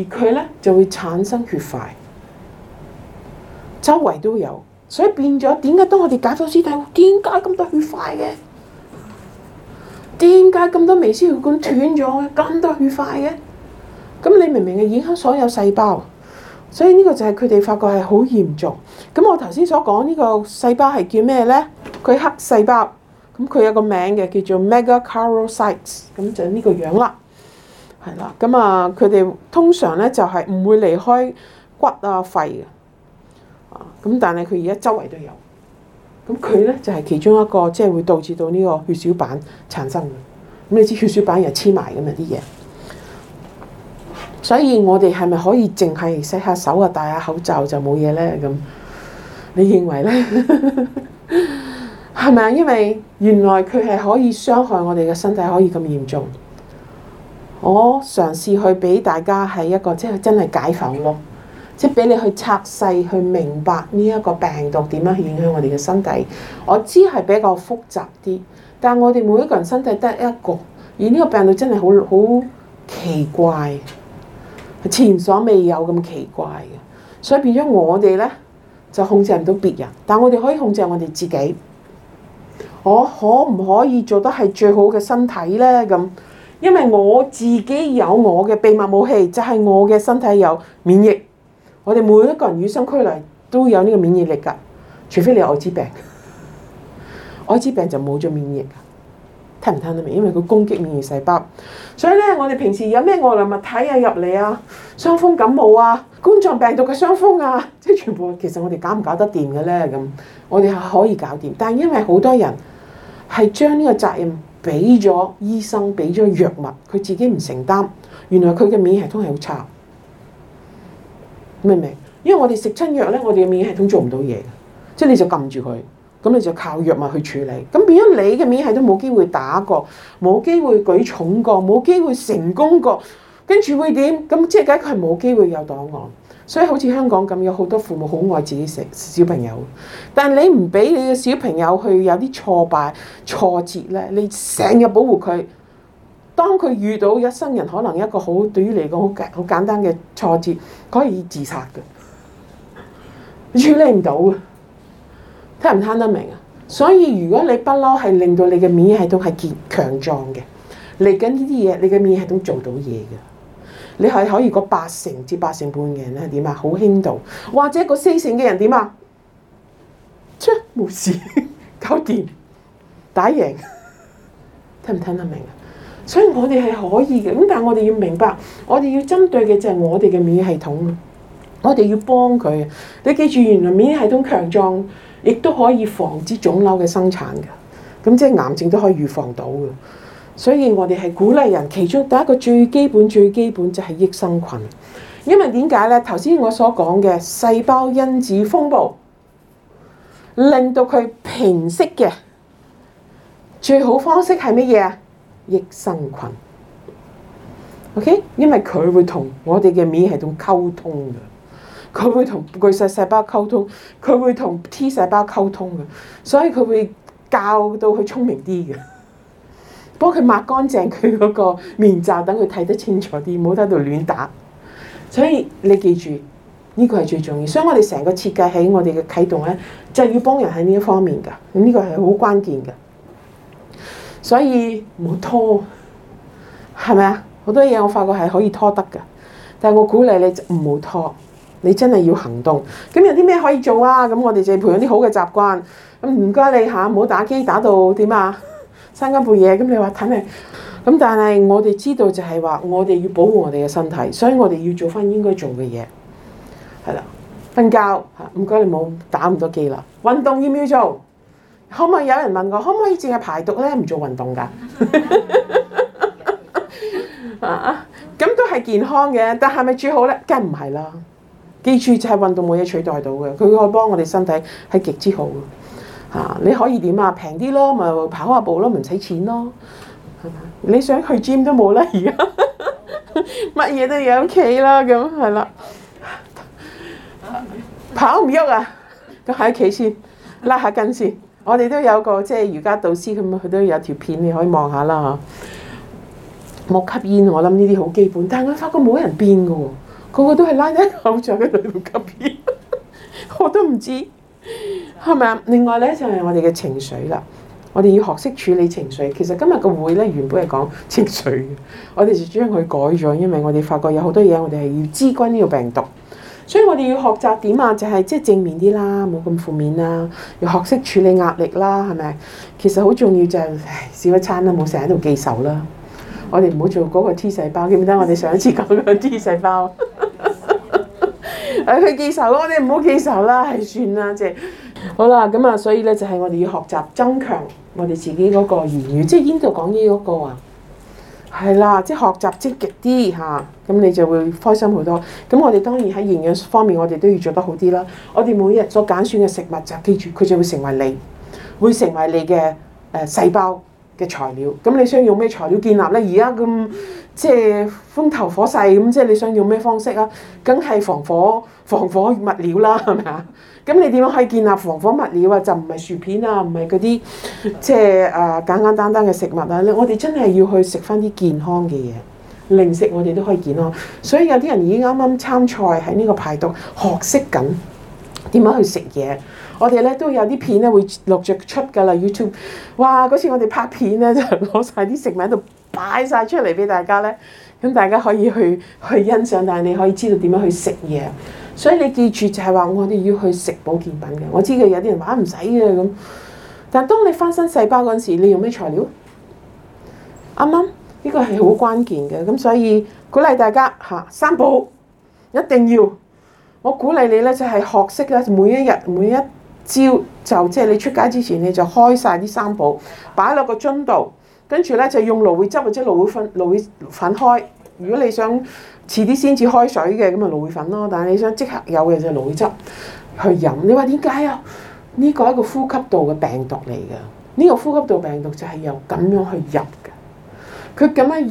而佢咧就會產生血塊。周圍都有，所以變咗點解？當我哋解剖屍體，點解咁多血塊嘅？點解咁多微絲血管斷咗咁多血塊嘅？咁你明明係影響所有細胞，所以呢個就係佢哋發覺係好嚴重。咁我頭先所講呢個細胞係叫咩咧？佢黑細胞，咁佢有個名嘅叫做 megakaryocytes，咁就呢個樣啦，係啦。咁啊，佢哋通常咧就係唔會離開骨啊肺嘅，啊咁但係佢而家周圍都有。咁佢咧就係其中一個，即係會導致到呢個血小板產生嘅。咁你知血小板又黐埋咁樣啲嘢，所以我哋係咪可以淨係洗下手啊，戴下口罩就冇嘢咧？咁你認為咧？係咪啊？因為原來佢係可以傷害我哋嘅身體，可以咁嚴重。我嘗試去俾大家喺一個即係真係解剖咯。即係俾你去拆細去明白呢一個病毒點樣影響我哋嘅身體，我知係比較複雜啲，但我哋每一個人身體得一個，而呢個病毒真係好好奇怪，前所未有咁奇怪嘅，所以變咗我哋咧就控制唔到別人，但我哋可以控制我哋自己。我可唔可以做得係最好嘅身體咧？咁，因為我自己有我嘅秘密武器，就係我嘅身體有免疫。我哋每一個人與生俱來都有呢個免疫力㗎，除非你有艾滋病，艾滋病就冇咗免疫力。聽唔聽得明？因為佢攻擊免疫細胞，所以呢，我哋平時有咩外來物體入嚟啊，傷風感冒啊，冠狀病毒嘅傷風啊，即全部。其實我哋搞唔搞得掂嘅呢？我哋係可以搞掂，但因為好多人係將呢個責任畀咗醫生，畀咗藥物，佢自己唔承擔，原來佢嘅免疫系統係好差。明唔明？因為我哋食親藥咧，我哋嘅免疫系統做唔到嘢嘅，即係你就撳住佢，咁你就靠藥物去處理。咁變咗你嘅免疫系統冇機會打過，冇機會舉重過，冇機會成功過，跟住會點？咁即係解佢係冇機會有檔案。所以好似香港咁，有好多父母好愛自己食小朋友，但係你唔俾你嘅小朋友去有啲挫敗、挫折咧，你成日保護佢。當佢遇到一生人可能一個好對於嚟講好簡好簡單嘅挫折，可以自殺嘅，處理唔到嘅，聽唔聽得明啊？所以如果你不嬲係令到你嘅免疫系統係健強壯嘅，嚟緊呢啲嘢，你嘅免疫系統做到嘢嘅，你係可以個八成至八成半嘅人係點啊？好輕度，或者個四成嘅人點啊？出冇事，搞掂，打贏，聽唔聽得明啊？所以我哋係可以嘅，咁但係我哋要明白，我哋要針對嘅就係我哋嘅免疫系統，我哋要幫佢。你記住，原來免疫系統強壯，亦都可以防止腫瘤嘅生產嘅，咁即係癌症都可以預防到嘅。所以我哋係鼓勵人，其中第一個最基本、最基本就係益生菌，因為點解咧？頭先我所講嘅細胞因子風暴，令到佢平息嘅最好方式係乜嘢啊？益生菌，OK，因為佢會同我哋嘅免疫系統溝通嘅，佢會同巨噬細胞溝通，佢會同 T 細胞溝通嘅，所以佢會教到佢聰明啲嘅，幫佢抹乾淨佢個面罩，等佢睇得清楚啲，唔好喺度亂打。所以你記住呢個係最重要，所以我哋成個設計喺我哋嘅啟動咧，就係要幫人喺呢一方面噶，咁呢個係好關鍵嘅。所以唔好拖，係咪啊？好多嘢我發覺係可以拖得嘅，但係我鼓勵你唔好拖，你真係要行動。咁有啲咩可以做啊？咁我哋就培養啲好嘅習慣。咁唔該你嚇，唔好打機打到點啊？三更半夜咁你話睇咩？咁但係我哋知道就係話，我哋要保護我哋嘅身體，所以我哋要做翻應該做嘅嘢。係啦，瞓覺嚇，唔該你唔好打咁多機啦。運動要唔要做？可唔可以有人問我可唔可以淨係排毒咧？唔做運動噶， 啊咁都係健康嘅。但係咪最好咧？梗唔係啦。記住就係運動冇嘢取代到嘅，佢可以幫我哋身體係極之好的。啊，你可以點啊？平啲咯，咪跑下步咯，唔使錢咯，係你想去 gym 都冇啦，而家乜嘢都要喺屋企啦，咁係啦。跑唔喐啊？都喺屋企先，拉下筋先。我哋都有個即係瑜伽導師，他佢都有條片，你可以望下啦。冇吸煙，我諗呢啲好基本，但係我發覺冇人變嘅喎，個個都係拉低口罩喺吸煙，我都唔知係咪？另外呢就係、是、我哋嘅情緒啦，我哋要學識處理情緒。其實今日個會呢，原本係講情緒嘅，我哋就將佢改咗，因為我哋發覺有好多嘢我哋係要支援呢個病毒。所以我哋要學習點啊，就係即係正面啲啦，冇咁負面啦。要學識處理壓力啦，係咪？其實好重要就係、是、少一餐啦，冇成日喺度記仇啦。我哋唔好做嗰個 T 細胞，記唔記得我哋上一次講嗰個 T 細胞？誒，佢記仇囉，我哋唔好記仇啦，係算啦，即、就、係、是。好啦，咁啊，所以咧就係我哋要學習增強我哋自己嗰個言語，即係喺度講呢嗰、那個啊。係啦，即係學習積極啲，咁你就會開心好多。咁我哋當然喺營養方面，我哋都要做得好啲啦。我哋每日所揀選嘅食物就記住，佢就會成為你，會成為你嘅細胞嘅材料，咁你想用咩材料建立咧？而家咁即係風頭火勢咁，即係你想用咩方式啊？梗係防火防火物料啦，係咪啊？咁你點樣可以建立防火物料啊？就唔係薯片啊，唔係嗰啲即係誒簡簡單單嘅食物啊！我哋真係要去食翻啲健康嘅嘢，零食我哋都可以揀咯。所以有啲人已經啱啱參賽喺呢個排毒學識緊點樣去食嘢。我哋咧都有啲片咧會陸續出㗎啦 YouTube，哇！嗰次我哋拍片咧就攞晒啲食物喺度擺晒出嚟俾大家咧，咁大家可以去去欣賞，但係你可以知道點樣去食嘢。所以你記住就係話我哋要去食保健品嘅。我知佢有啲人話唔使嘅咁，但係當你翻新細胞嗰陣時，你用咩材料？啱啱呢個係好關鍵嘅，咁所以鼓勵大家嚇三寶一定要。我鼓勵你咧就係、是、學識咧每一日每一。朝就即係你出街之前，你就開晒啲三寶，擺落個樽度，跟住咧就用蘆薈汁或者蘆薈粉、蘆薈粉開。如果你想遲啲先至開水嘅，咁咪蘆薈粉咯。但係你想即刻有嘅就係蘆薈汁去飲。你話點解啊？呢個係一個呼吸道嘅病毒嚟㗎。呢個呼吸道病毒就係由咁樣去入嘅。佢咁樣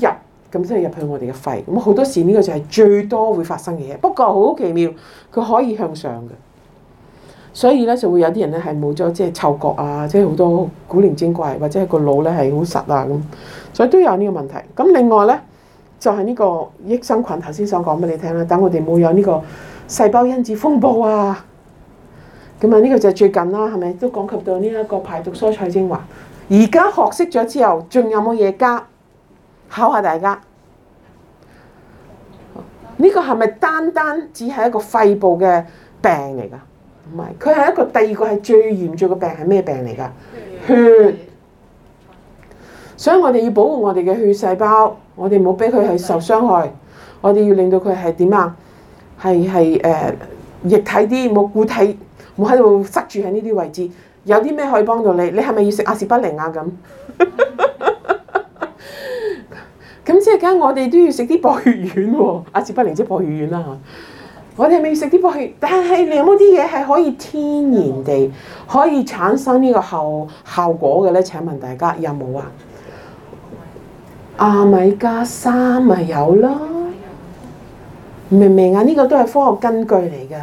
入，咁先入去我哋嘅肺。咁好多時呢個就係最多會發生嘅嘢。不過好好奇妙，佢可以向上嘅。所以咧就會有啲人咧係冇咗即係嗅覺啊，即係好多古靈精怪或者個腦咧係好實啊咁，所以都有呢個問題。咁另外咧就係、係、呢個益生菌頭先想講俾你聽啦，等我哋冇有呢個細胞因子風暴啊？咁啊呢個就係最近啦，係咪都講及到呢一個排毒蔬菜精華？而家學識咗之後，仲有冇嘢加考，考下大家？呢、呢個係咪單單只係一個肺部嘅病嚟㗎？唔係，佢係一個，第二個係最嚴重嘅病係咩病嚟㗎？血，所以我哋要保護我哋嘅血細胞，我哋冇俾佢係受傷害，我哋要令到佢係點啊？係係誒液體啲，冇固體，冇喺度塞住喺呢啲位置。有啲咩可以幫到你？你係咪要食阿士匹靈啊？咁，咁即係而家我哋都要食啲薄血丸喎、啊，阿士匹靈即係薄血丸啦、啊。我哋未食啲嘢，但係有冇啲嘢係可以天然地可以產生呢個效果嘅呢？請問大家有冇啊？阿米加三咪有啦，明唔明啊？呢個都係科學根據嚟㗎。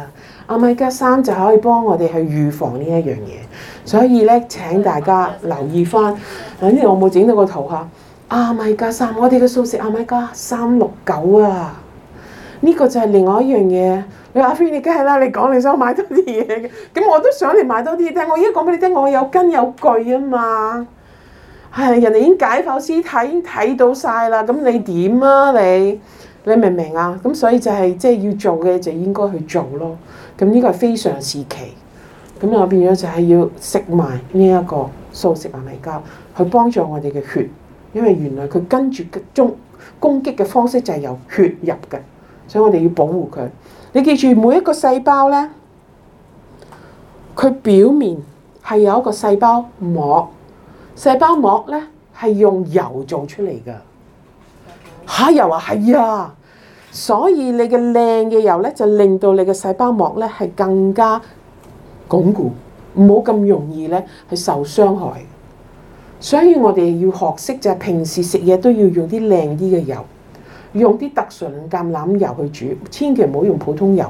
阿米加三就可以幫我哋去預防呢一樣嘢，所以呢，請大家留意返。嗱，呢度我冇整到個圖下，阿米加三，我哋嘅素食，阿米加三六九啊。呢、這個就係另外一樣嘢。你話阿芬，你梗係啦，你講你想買多啲嘢嘅，咁我都想你買多啲。聽，我依家講俾你聽，我有根有據啊嘛。唉，人哋已經解剖屍體，已經睇到晒啦。咁你點啊？你你明唔明啊？咁所以就係即係要做嘅，就應該去做咯。咁呢個係非常時期。咁我變咗就係要食埋呢一個素食玉嚟膠，去幫助我哋嘅血，因為原來佢跟住嘅中攻擊嘅方式就係由血入嘅。所以我哋要保護佢。你記住每一個細胞咧，佢表面係有一個細胞膜，細胞膜咧係用油做出嚟㗎。嚇油啊，係啊，所以你嘅靚嘅油咧，就令到你嘅細胞膜咧係更加鞏固，唔好咁容易咧係受傷害。所以我哋要學識就係平時食嘢都要用啲靚啲嘅油。用啲特純橄欖油去煮，千祈唔好用普通油。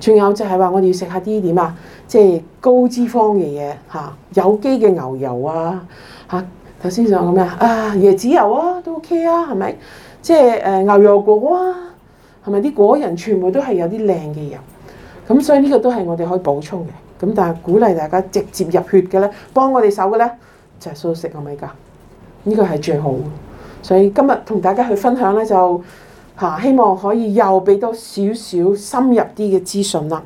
仲有就係話我哋要食下啲點啊，即係高脂肪嘅嘢嚇，有機嘅牛油啊嚇。頭先就講咩啊？椰子油啊，都 OK 啊，係咪？即係誒牛油果啊，係咪啲果仁全部都係有啲靚嘅油？咁所以呢個都係我哋可以補充嘅。咁但係鼓勵大家直接入血嘅咧，幫我哋手嘅咧，就係素食嘅咪噶。呢個係最好。所以今日同大家去分享咧，就吓希望可以又俾多少少深入啲嘅資訊啦。